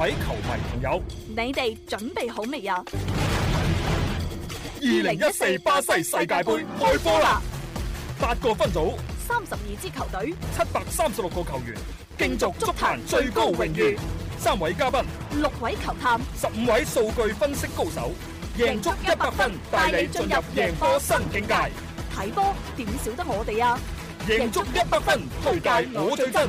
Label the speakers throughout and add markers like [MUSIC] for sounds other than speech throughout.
Speaker 1: 各位球迷朋友，你哋準備好未啊？二零一四巴西世界杯開波啦！八個分組，三十二支球隊，七百三十六個球員，競逐足壇最高榮譽。三位嘉賓，六位球探，十五位數據分析高手，贏足一百分，帶你進入贏波新境界。睇波點少得我哋啊！贏足一百分推介我最真。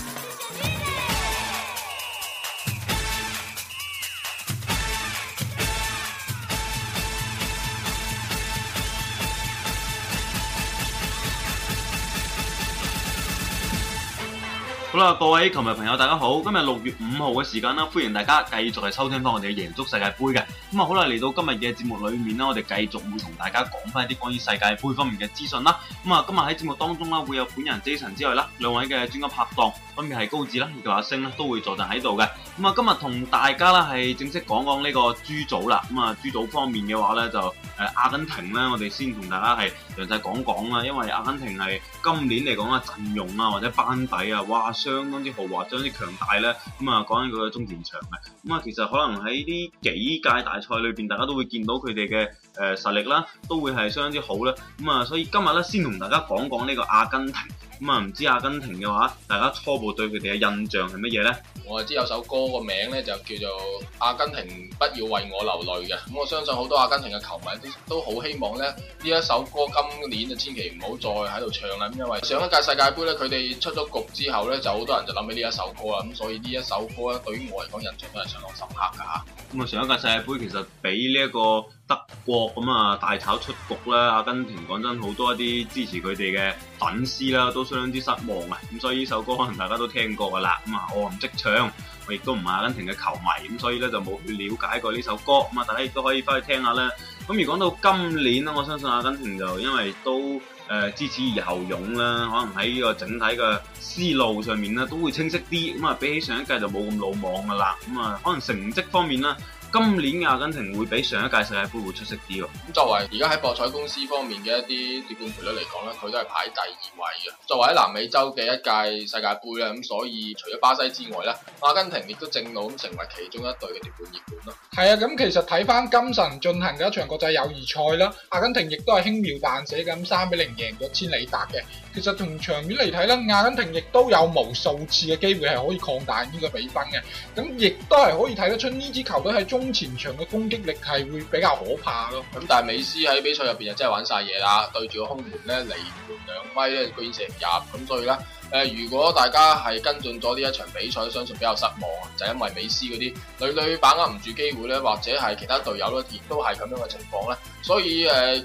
Speaker 2: 好啦，各位球迷朋友，大家好！今日六月五號嘅時間啦，歡迎大家繼續係收聽翻我哋嘅贏足世界杯嘅。咁啊、嗯，好啦，嚟到今日嘅節目裏面啦，我哋繼續會同大家講翻一啲關於世界杯方面嘅資訊啦。咁、嗯、啊，今日喺節目當中啦，會有本人 Jason 之外啦，兩位嘅專家拍檔。分別係高智啦，以及阿星啦，都會坐陣喺度嘅。咁啊，今日同大家啦係正式講講呢個豬組啦。咁啊，豬組方面嘅話咧，就誒、呃、阿根廷咧，我哋先同大家係詳細講講啦。因為阿根廷係今年嚟講啊，陣容啊或者班底啊，哇，相當之豪華，相當之強大咧。咁啊，講緊佢嘅中前場嘅。咁啊，其實可能喺呢幾屆大賽裏邊，大家都會見到佢哋嘅誒實力啦，都會係相當之好啦。咁啊，所以今日咧，先同大家講講呢個阿根廷。咁啊，唔知阿根廷嘅話，大家初步對佢哋嘅印象係乜嘢呢？
Speaker 3: 我知有首歌個名呢，就叫做《阿根廷，不要為我流淚》嘅。咁我相信好多阿根廷嘅球迷都都好希望呢呢一首歌今年就千祈唔好再喺度唱啦，因為上一屆世界盃呢，佢哋出咗局之後呢，就好多人就諗起呢一首歌啦。咁所以呢一首歌呢對於我嚟講印象都係相當深刻㗎嚇。咁
Speaker 2: 啊，上一屆世界盃其實畀呢一個德國咁啊，大炒出局啦！阿根廷講真，好多一啲支持佢哋嘅粉絲啦，都相當之失望啊！咁所以呢首歌可能大家都聽過噶啦，咁啊，我唔識唱，我亦都唔係阿根廷嘅球迷，咁所以咧就冇去了解過呢首歌，咁啊，大家亦都可以翻去聽一下啦。咁而講到今年啦，我相信阿根廷就因為都誒、呃、支持而後湧啦，可能喺呢個整體嘅思路上面咧都會清晰啲，咁啊比起上一屆就冇咁魯莽噶啦，咁啊可能成績方面啦。今年阿根廷會比上一屆世界盃會出色啲喎、哦。咁作為而家喺博彩
Speaker 3: 公司方面嘅一啲奪冠賠率嚟講咧，佢都係排第二位嘅。作為喺南美洲嘅一屆世界盃啊，咁所以除咗巴西之外咧，阿根廷亦都正路咁成為其中一隊嘅奪冠熱門
Speaker 1: 咯。係啊，咁其實睇翻今晨進行嘅一場國際友誼賽啦，阿根廷亦都係輕描淡寫咁三比零贏咗千里達嘅。其實從場面嚟睇咧，阿根廷亦都有無數次嘅機會係可以擴大呢個比分嘅，咁亦都係可以睇得出呢支球隊喺中前場嘅攻擊力係會比較可怕咯。
Speaker 3: 咁但係美斯喺比賽入面就真係玩晒嘢啦，對住個空門咧，離門兩米咧居然成日。咁對啦。誒、呃，如果大家係跟進咗呢一場比賽，相信比較失望就是、因為美斯嗰啲屢屢把握唔住機會咧，或者係其他隊友咧亦都係咁樣嘅情況咧，所以、呃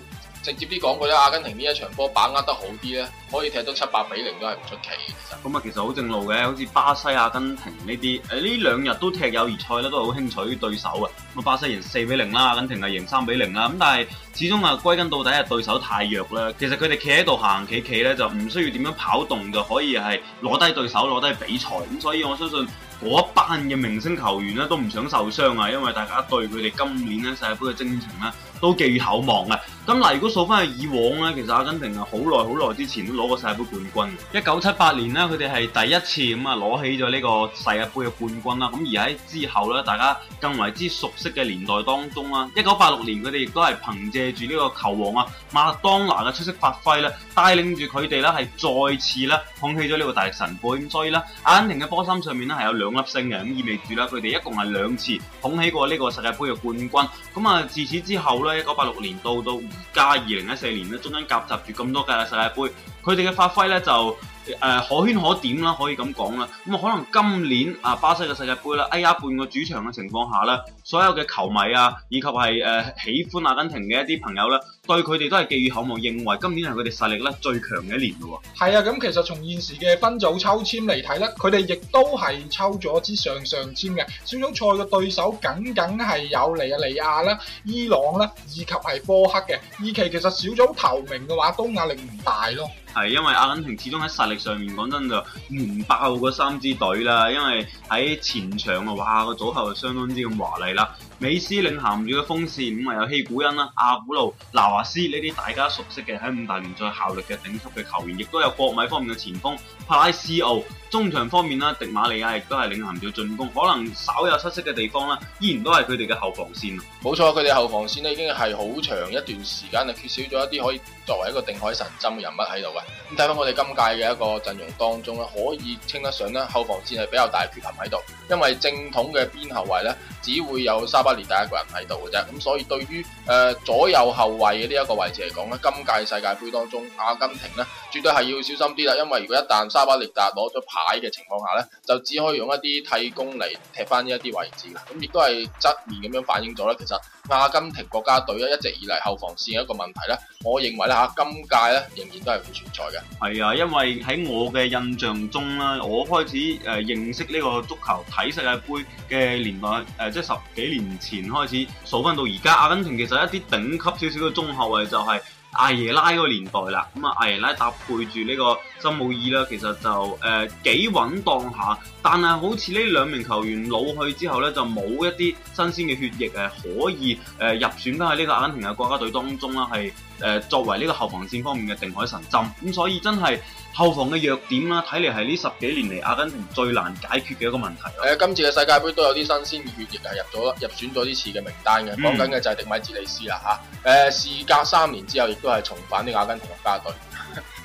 Speaker 3: 直接啲講過，阿根廷呢一場波把握得好啲呢，可以踢到七八比零都係唔出奇嘅。
Speaker 2: 其實咁啊，其實好正路嘅，好似巴西、阿根廷呢啲，呢兩日都踢友誼賽咧，都係好輕取對手啊！咁巴西贏四比零啦，0，阿根廷係贏三比零啦。咁但係始終啊，歸根到底係對手太弱啦。其實佢哋企喺度行企企呢，就唔需要點樣跑動就可以係攞低對手，攞低比賽。咁所以我相信嗰一班嘅明星球員呢，都唔想受傷啊，因為大家對佢哋今年呢，世界杯嘅精神都寄予厚望啊！咁嗱，如果數翻去以往咧，其實阿根廷啊，好耐好耐之前都攞過世界杯冠軍。一九七八年咧，佢哋係第一次咁啊攞起咗呢個世界杯嘅冠軍啦。咁而喺之後咧，大家更為之熟悉嘅年代當中啦，一九八六年佢哋亦都係憑藉住呢個球王啊馬勒當拿嘅出色發揮咧，帶領住佢哋咧係再次咧捧起咗呢個大力神杯。咁所以咧，阿根廷嘅波衫上面咧係有兩粒星嘅，咁意味住咧佢哋一共係兩次捧起過呢個世界杯嘅冠軍。咁啊，自此之後，啦，一九八六年到到而家二零一四年咧，中間夾雜住咁多屆嘅世界杯，佢哋嘅發揮咧就～誒可圈可點啦，可以咁講啦。咁啊，可能今年啊，巴西嘅世界盃啦，哎呀，半個主場嘅情況下啦，所有嘅球迷啊，以及係誒、呃、喜歡阿根廷嘅一啲朋友咧，對佢哋都係寄予厚望，認為今年係佢哋實力咧最強嘅一年咯。
Speaker 1: 喎，係啊，咁、嗯、其實從現時嘅分組抽籤嚟睇咧，佢哋亦都係抽咗支上上籤嘅小組賽嘅對手，僅僅係有尼亞利亞啦、伊朗啦，以及係波黑嘅。二期其實小組頭名嘅話都壓力唔大
Speaker 3: 咯。
Speaker 2: 係，因為阿根廷始終喺實力上面講真就完爆嗰三支隊啦，因為喺前場嘅話，個組合就相當之咁華麗啦。美斯領銜住嘅鋒線，五係有希古恩啦、阿古路、拿華斯呢啲大家熟悉嘅喺五大聯賽效力嘅頂級嘅球員，亦都有國米方面嘅前鋒帕拉西奧。中場方面啦，迪馬利亞亦都係領銜住進攻，可能稍有失色嘅地方啦，依然都係佢哋嘅後防線。冇錯，佢哋後防線呢已經係好長一
Speaker 3: 段時間啊，缺少咗一啲可以作為一個定海神針嘅人物喺度嘅。咁睇翻我哋今屆嘅一個陣容當中咧，可以稱得上咧後防線係比較大缺陷喺度。因為正統嘅邊後衞咧，只會有沙巴列達一個人喺度嘅啫。咁所以對於誒、呃、左右後衞嘅呢一個位置嚟講咧，今屆世界盃當中，阿根廷咧絕對係要小心啲啦。因為如果一旦沙巴列達攞咗牌嘅情況下咧，就只可以用一啲替攻嚟踢返呢一啲位置。咁亦都係側面咁樣反映咗咧，其實阿根廷國家隊咧一直以嚟後防線一個問題咧，我認為咧嚇今屆咧仍然都係會存在嘅。
Speaker 2: 係啊，因為喺我嘅印象中咧，我開始誒認識呢個足球。睇世界盃嘅年代，誒、呃、即係十幾年前開始數翻到而家，阿根廷其實一啲頂級少少嘅中後衛就係阿耶拉個年代啦。咁、嗯、啊，阿耶拉搭配住呢個森武爾啦，其實就誒幾、呃、穩當下。但係好似呢兩名球員老去之後呢，就冇一啲新鮮嘅血液係可以入選翻喺呢個阿根廷嘅國家隊當中啦，係作為呢個後防線方面嘅定海神針。咁所以真係後防嘅弱點啦，睇嚟係呢十幾年嚟阿根廷最難解決嘅一個問題。
Speaker 3: 呃，今次嘅世界盃都有啲新鮮嘅血液係入咗，入選咗呢次嘅名單嘅，講緊嘅就係迪米治利斯啦嚇。啊，事隔三年之後，亦都係重返呢個阿根廷國家隊。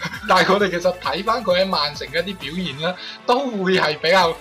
Speaker 3: [LAUGHS]
Speaker 1: 但係佢哋其實睇翻佢喺曼城嘅一啲表現啦，都會係比較。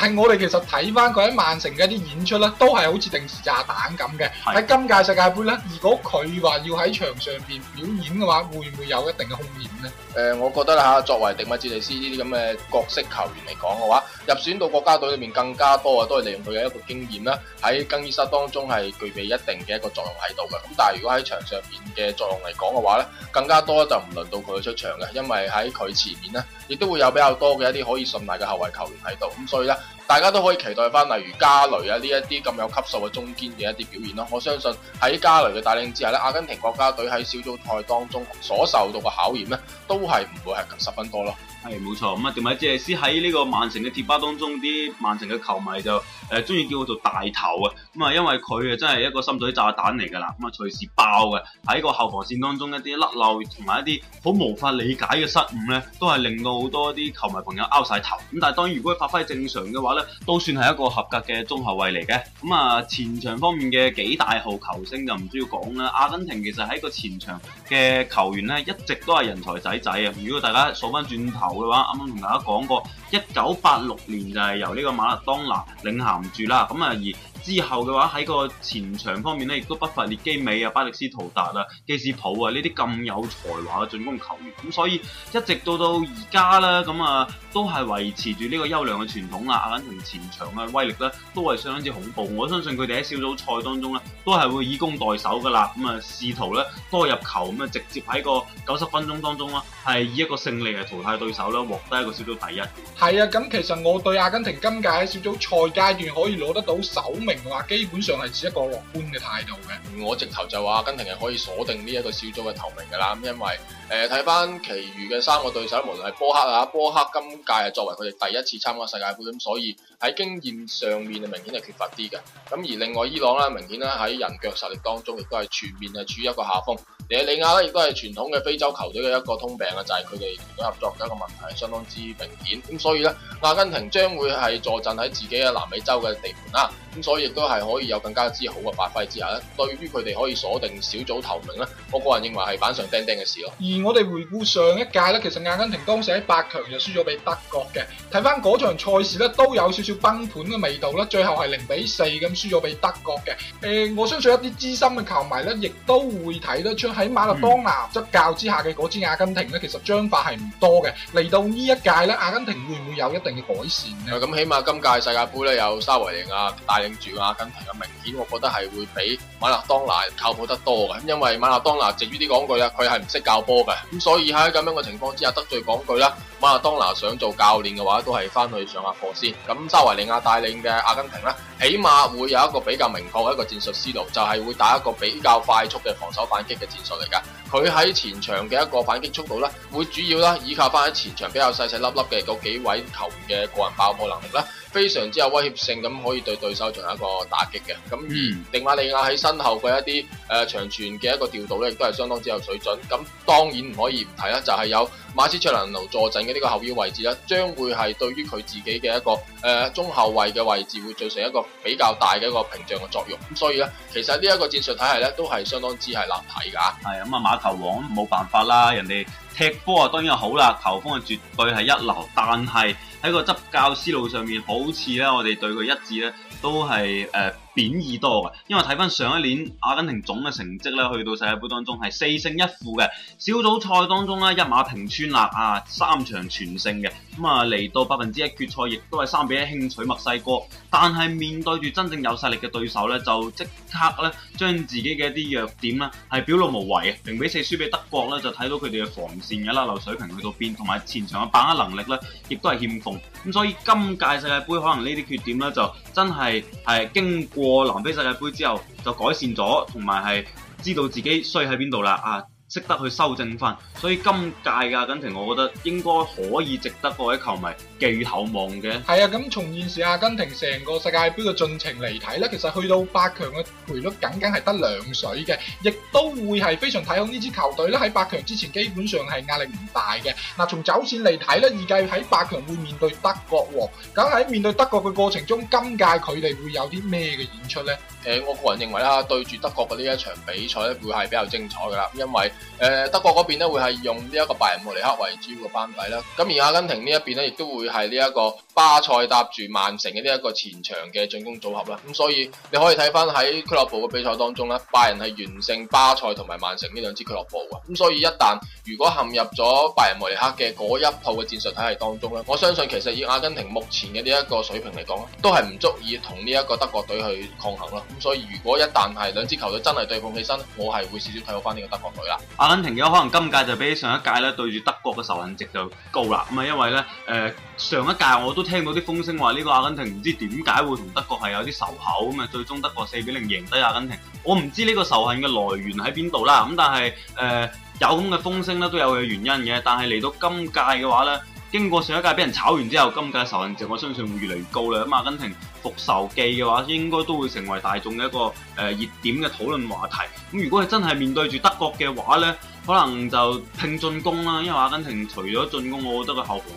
Speaker 1: 但係我哋其實睇翻佢喺曼城嘅一啲演出咧，都係好似定時炸彈咁嘅。喺的今屆世界盃咧，如果佢話要喺場上邊表演嘅話，會唔會有一定嘅風險呢？
Speaker 3: 誒、呃，我覺得啦、啊、作為迪馬濟利斯呢啲咁嘅角色球員嚟講嘅話，入選到國家隊裏面更加多啊，都係利用佢嘅一個經驗啦。喺更衣室當中係具備一定嘅一個作用喺度嘅。咁但係如果喺場上邊嘅作用嚟講嘅話咧，更加多就唔輪到佢出場嘅，因為喺佢前面咧，亦都會有比較多嘅一啲可以信賴嘅後衞球員喺度。咁所以咧。大家都可以期待翻，例如加雷啊呢一啲咁有級數嘅中堅嘅一啲表現咯。我相信喺加雷嘅帶領之下咧，阿根廷國家隊喺小組賽當中所受到嘅考驗咧，都係唔會係十分多咯。
Speaker 2: 係冇錯，咁啊點解即係先喺呢個曼城嘅貼吧當中，啲曼城嘅球迷就誒中意叫我做大頭啊，咁、嗯、啊因為佢啊真係一個深水炸彈嚟噶啦，咁、嗯、啊隨時爆嘅，喺個後防線當中一啲甩漏同埋一啲好無法理解嘅失誤咧，都係令到好多啲球迷朋友拗晒頭。咁、嗯、但係當然如果發揮正常嘅話咧，都算係一個合格嘅中後衛嚟嘅。咁、嗯、啊、呃、前場方面嘅幾大號球星就唔需要講啦。阿根廷其實喺個前場嘅球員咧，一直都係人才濟濟啊。如果大家數翻轉頭嘅話，啱啱同大家講過，一九八六年就係由呢個馬拉當拿領銜住啦，咁啊而。之後嘅話喺個前場方面咧，亦都不乏列基美啊、巴力斯圖達啊、基士普啊呢啲咁有才華嘅進攻球員。咁所以一直到到而家啦，咁啊都係維持住呢個優良嘅傳統啊。阿根廷前場嘅威力咧都係相當之恐怖。我相信佢哋喺小組賽當中咧，都係會以攻代守噶啦。咁啊試圖咧多入球，咁啊直接喺個九十分鐘當中啦，係以一個勝利嚟淘汰對手啦，獲得一個小組第一。
Speaker 1: 係啊，咁其實我對阿根廷今屆喺小組賽階段可以攞得
Speaker 3: 到首。明話基本上係指一個樂觀嘅態度嘅。我直頭就話，阿根廷係可以鎖定呢一個小組嘅頭名嘅啦。咁因為誒睇翻其餘嘅三個對手，無論係波克啊，波克今屆係作為佢哋第一次參加世界盃，咁所以喺經驗上面啊明顯係缺乏啲嘅。咁而另外伊朗啦，明顯啦喺人腳實力當中亦都係全面係處於一個下風。尼日利亞咧亦都係傳統嘅非洲球隊嘅一個通病啊，就係佢哋團隊合作嘅一個問題係相當之明顯。咁所以咧，阿根廷將會係坐鎮喺自己嘅南美洲嘅地盤啦。咁所以亦都係可以有更加之好嘅發揮之下咧，對於佢哋可以鎖定小組頭名咧，我個人認為係板上釘釘嘅事咯。
Speaker 1: 而我哋回顧上一屆咧，其實阿根廷當時喺八強就輸咗俾德國嘅，睇翻嗰場賽事咧都有少少崩盤嘅味道啦，最後係零比四咁輸咗俾德國嘅。誒。我相信一啲資深嘅球迷咧，亦都會睇得出喺馬勒當拿執教之下嘅嗰支阿根廷咧，其實章法係唔多嘅。嚟到一呢一屆咧，阿根廷會唔會有一定嘅改善
Speaker 3: 咧？咁、嗯、起碼今屆世界盃咧有沙維寧啊，住阿根廷嘅明顯我覺得係會比馬勒當拿靠譜得多嘅，因為馬勒當拿藉於啲講句啊，佢係唔識教波嘅。咁所以喺咁樣嘅情況之下得罪講句啦，馬勒當拿想做教練嘅話都係翻去上下課先。咁沙維利亞帶領嘅阿根廷咧，起碼會有一個比較明確嘅一個戰術思路，就係會打一個比較快速嘅防守反擊嘅戰術嚟嘅。佢喺前場嘅一個反擊速度咧，會主要啦依靠翻喺前場比較細細粒粒嘅嗰幾位球員嘅個人爆破能力啦。非常之有威脅性，咁可以對對手進行一個打擊嘅。咁，嗯、而迪馬利亞喺身後嘅一啲誒、呃、長傳嘅一個調度咧，亦都係相當之有水準。咁當然唔可以唔提啦，就係、是、有馬斯切蘭奴坐鎮嘅呢個後腰位置啦，將會係對於佢自己嘅一個誒、呃、中後衞嘅位置會造成一個比較大嘅一個屏障嘅作用。咁所以咧，其實呢一個戰術體系咧都係相當之係難睇㗎。係
Speaker 2: 咁啊，馬球王冇辦法啦，人哋踢波啊當然好啦，球風啊絕對係一流，但係。喺個執教思路上面，好似咧我哋對佢一致咧都係誒貶義多嘅，因為睇返上一年阿根廷總嘅成績咧，去到世界杯當中係四勝一負嘅，小組賽當中咧一馬平川啦，啊三場全勝嘅。咁啊，嚟到百分之一決賽，亦都係三比一輕取墨西哥，但係面對住真正有實力嘅對手咧，就即刻咧將自己嘅一啲弱點咧係表露無遺啊！零比四輸俾德國咧，就睇到佢哋嘅防線嘅啦流水平去到邊，同埋前場嘅把握能力咧，亦都係欠奉。咁所以今屆世界盃可能呢啲缺點咧，就真係係經過南非世界盃之後就改善咗，同埋係知道自己衰喺邊度啦啊！識得去修正翻，所以今屆嘅阿根廷，我覺得應該可以值得各位球迷寄厚望嘅。
Speaker 1: 係啊，咁從現時阿根廷成個世界盃嘅進程嚟睇咧，其實去到八強嘅賠率僅僅係得兩水嘅，亦都會係非常睇好呢支球隊咧。喺八強之前基本上係壓力唔大嘅。嗱，從走線嚟睇咧，預計喺八強會面對德國喎。咁喺面對德國嘅過程中，今屆佢哋會有啲咩嘅
Speaker 3: 演出咧？誒、呃，我個人認為啦，對住德國嘅呢一場比賽咧，會係比較精彩㗎啦，因為誒，德國嗰邊咧，會係用呢一個拜仁慕尼黑為主要嘅班底啦，咁而阿根廷呢一邊咧亦都會係呢一個巴塞搭住曼城嘅呢一個前場嘅進攻組合啦，咁所以你可以睇翻喺俱樂部嘅比賽當中咧，拜仁係完勝巴塞同埋曼城呢兩支俱樂部嘅，咁所以一旦如果陷入咗拜仁慕尼黑嘅嗰一套嘅戰術體系當中咧，我相信其實以阿根廷目前嘅呢一個水平嚟講，都係唔足以同呢一個德國隊去抗衡啦，咁所以如果一旦係兩支球隊真係對碰起身，我係會少少睇好翻呢個德國隊
Speaker 2: 啦。阿根廷嘅可能今屆就比起上一屆咧，對住德國嘅仇恨值就高啦。咁啊，因為咧，誒、呃，上一屆我都聽到啲風聲話，呢個阿根廷唔知點解會同德國係有啲仇口，咁啊，最終德國四比零贏低阿根廷。我唔知呢個仇恨嘅來源喺邊度啦。咁但係，誒、呃，有咁嘅風聲咧，都有佢嘅原因嘅。但係嚟到今屆嘅話咧，經過上一屆俾人炒完之後，今屆嘅仇恨值，我相信會越嚟越高啦。咁、嗯、阿根廷。復仇記嘅話，應該都會成為大眾一個誒熱點嘅討論話題。咁如果係真係面對住德國嘅話呢，可能就拼進攻啦。因為阿根廷除咗進攻，我覺得個後防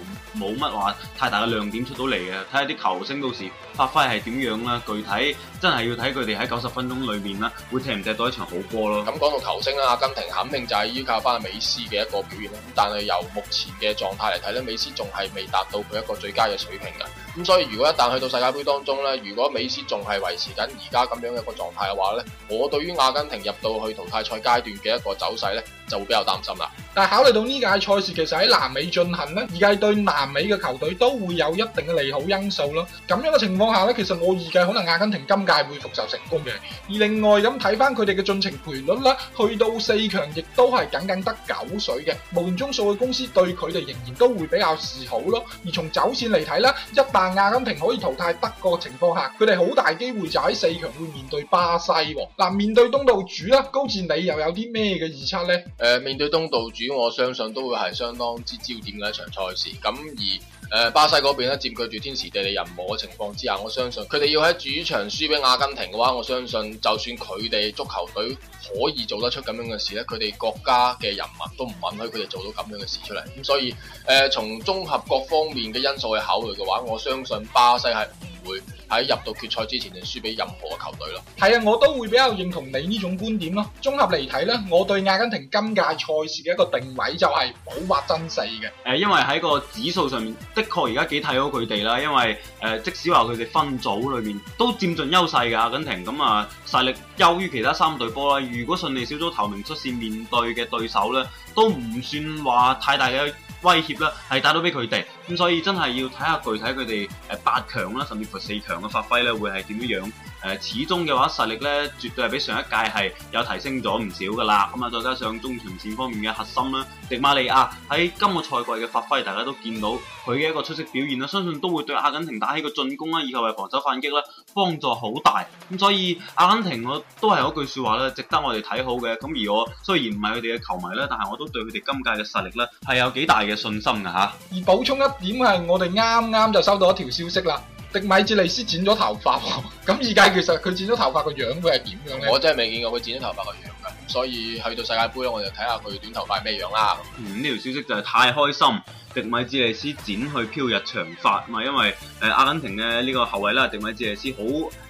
Speaker 2: 冇乜話太大嘅亮點出到嚟嘅。睇下啲球星到時發揮係點樣啦。具體真係要睇佢哋喺九十分鐘裏面啦，會踢唔踢到一場好波咯。咁講到球星啦，阿根
Speaker 3: 廷肯定就係依靠翻美斯嘅一個表現啦。但係由目前嘅狀態嚟睇咧，美斯仲係未達到佢一個最佳嘅水平噶。咁所以如果一旦去到世界杯當中咧，如果美斯仲係維持緊而家咁樣一個狀態嘅話咧，我對於阿根廷入到去淘汰賽階段嘅一個走勢咧，就會比較擔心啦。
Speaker 1: 但係考慮到呢屆賽事其實喺南美進行咧，預計對南美嘅球隊都會有一定嘅利好因素咯。咁樣嘅情況下咧，其實我預計可能阿根廷今屆會復仇成功嘅。而另外咁睇翻佢哋嘅進程賠率啦，去到四強亦都係僅僅得九水嘅，無形中數嘅公司對佢哋仍然都會比較示好咯。而從走線嚟睇咧，一但阿根廷可以淘汰德國情況下，佢哋好大機
Speaker 3: 會就喺四強會面對巴西。嗱、啊，面對東道主咧，高志你又有啲咩嘅預測呢？誒、呃，面對東道主，我相信都會係相當之焦點嘅一場賽事。咁而巴西嗰邊咧佔據住天時地利人和嘅情況之下，我相信佢哋要喺主場輸俾阿根廷嘅話，我相信就算佢哋足球隊可以做得出咁樣嘅事咧，佢哋國家嘅人民都唔允許佢哋做到咁樣嘅事出嚟。咁所以誒，呃，從綜合各方面嘅因素去考慮嘅話，我相信巴西係唔會喺入到決賽之前就輸
Speaker 2: 俾任何嘅球隊咯。
Speaker 1: 係啊，我都會比較認同你呢種觀點咯。綜合嚟睇咧，我對阿根廷今屆賽事嘅一個定位就係保發爭四嘅。
Speaker 2: 誒，因為喺個指數上面，的確而家幾睇好佢哋啦。因為誒、呃，即使話佢哋分組裏面都佔盡優勢嘅阿根廷，咁啊勢力優於其他三隊波啦。如果順利小組頭名出線面對嘅對手咧，都唔算話太大嘅。威脅啦，係打到俾佢哋，咁所以真係要睇下具體佢哋誒八強啦，甚至乎四強嘅發揮咧，會係點樣？誒始終嘅話實力咧，絕對係比上一屆係有提升咗唔少噶啦。咁啊，再加上中場線方面嘅核心啦，迪馬利亞喺今個賽季嘅發揮，大家都見到佢嘅一個出色表現啦。相信都會對阿根廷打起個進攻啦，以及為防守反擊啦幫助好大。咁所以阿根廷我都係嗰句說話咧，值得我哋睇好嘅。咁而我雖然唔係佢哋嘅球迷啦，但係我都對佢哋今屆嘅實力咧係有幾大嘅信心嘅嚇。
Speaker 1: 而補充一點係，我哋啱啱就收到一條消息啦。迪米治利斯剪咗頭髮喎，咁而
Speaker 3: 家其實佢剪咗頭髮個樣會係點樣咧？我真係未見過佢剪咗頭髮個樣嘅，所以去到世界盃我哋睇下佢短頭髮係咩樣啦。
Speaker 2: 嗯，呢條消息就係太開心，迪米治利斯剪去飄逸長髮嘛，因為誒呃阿根廷咧呢個後衞啦，迪米治利斯好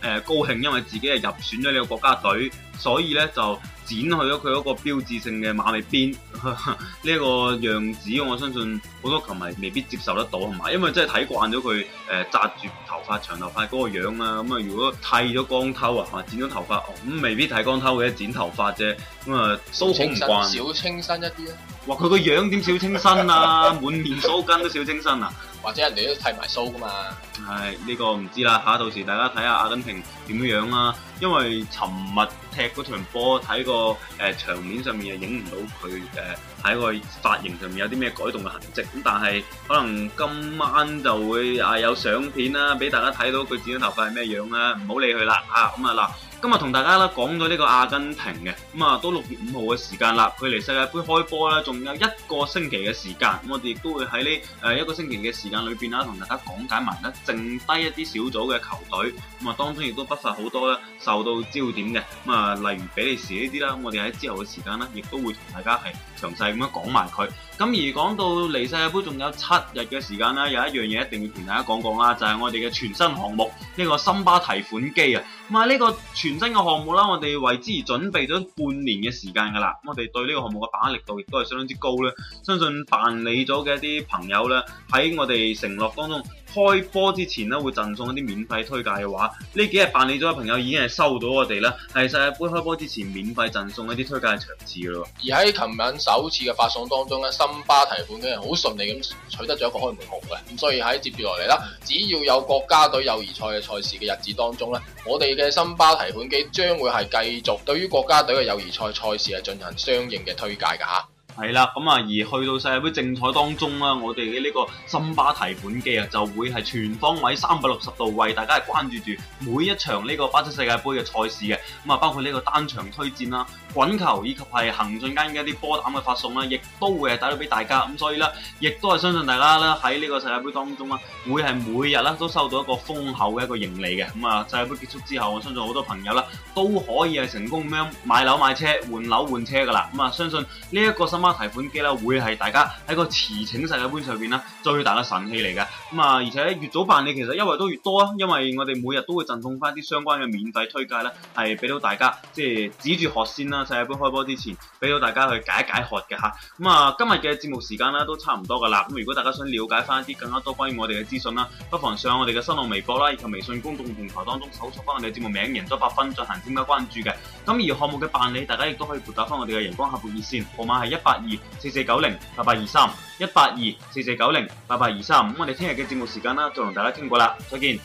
Speaker 2: 誒高興，因為自己係入選咗呢個國家隊，所以咧就。剪去咗佢嗰個標誌性嘅馬尾辮呢一個樣子，我相信好多球迷未必接受得到，係咪？因為真係睇慣咗佢誒紮住頭髮、長頭髮嗰個樣啦、啊。咁、嗯、啊，如果剃咗光頭啊，剪咗頭髮，咁、哦嗯、未必剃光頭或者剪頭髮啫。咁、嗯、啊，都好唔慣。小
Speaker 3: 清新一啲啊！哇！佢個樣
Speaker 2: 點小清新啊，滿面鬚根都小清新啊，
Speaker 3: 或者人哋都剃埋鬚㗎嘛。
Speaker 2: 係呢、哎這個唔知啦、吓、啊、到時大家睇下阿根廷點樣樣啦、啊。因為尋日踢嗰場波睇個誒場面上面又影唔到佢誒喺個髮型上面有啲咩改動嘅痕跡。咁但係可能今晚就會啊有相片啦、啊，俾大家睇到佢剪咗頭髮係咩樣啦、啊。唔好理佢啦、吓咁啊啦。嗯啊今日同大家啦講咗呢個阿根廷嘅，咁啊都六月五號嘅時間啦，距離世界盃開波啦，仲有一個星期嘅時間，咁我哋亦都會喺呢一個星期嘅時間裏面啦，同大家講解埋得剩低一啲小組嘅球隊，咁啊當中亦都不乏好多咧受到焦點嘅，咁啊例如比利時呢啲啦，我哋喺之後嘅時間啦亦都會同大家係詳細咁樣講埋佢。咁而講到離世界盃仲有七日嘅時間啦，有一樣嘢一定要同大家講講啦，就係、是、我哋嘅全新項目呢、這個森巴提款機啊！咁啊呢個全新嘅項目啦，我哋為之準備咗半年嘅時間噶啦，我哋對呢個項目嘅把握力度亦都係相當之高啦。相信辦理咗嘅一啲朋友咧，喺我哋承諾當中。開波之前咧會贈送一啲免費推介嘅話，呢幾日辦理咗嘅朋友已經係收到我哋咧，係世界盃開波之前免費贈送一啲推介嘅場次嘅咯。而
Speaker 3: 喺琴晚首次嘅發
Speaker 2: 送當中咧，森巴提款機係好順利咁取得咗一個開門紅
Speaker 3: 嘅，咁所以喺接住落嚟啦，只要有國家隊友誼賽嘅賽事嘅日子當中咧，我哋嘅森巴提款機將會係繼續對於國家隊嘅友誼賽賽事係進行相應
Speaker 2: 嘅推介噶吓。係啦，咁啊，而去到世界杯正賽當中啦，我哋嘅呢個森巴提款機啊，就會係全方位三百六十度為大家係關注住每一場呢個巴西世界杯嘅賽事嘅，咁啊，包括呢個單場推薦啦。滾球以及係行進間嘅一啲波膽嘅發送啦，亦都會係帶到俾大家咁，所以咧，亦都係相信大家咧喺呢個世界盃當中啊，會係每日啦都收到一個豐厚嘅一個盈利嘅咁啊！世界盃結束之後，我相信好多朋友啦都可以係成功咁樣買樓買車換樓換車噶啦，咁啊，相信呢一個新孖提款機啦，會係大家喺個持請世界盃上邊啦最大嘅神器嚟嘅咁啊！而且越早辦理其實優惠都越多啊，因為我哋每日都會贈送翻啲相關嘅免費推介啦，係俾到大家即係指住學先啦。世界盃開波之前，俾到大家去解一解渴嘅哈。咁啊，今日嘅節目時間啦，都差唔多噶啦。咁如果大家想了解翻一啲更加多關於我哋嘅資訊啦，不妨上我哋嘅新浪微博啦，以及微信公眾平台當中搜索翻我哋嘅節目名，贏多百分進行添加關注嘅。咁而項目嘅辦理，大家亦都可以撥打翻我哋嘅陽光客服熱線號碼係一八二四四九零八八二三一八二四四九零八八二三。咁我哋聽日嘅節目時間啦，就同大家傾過啦，再見。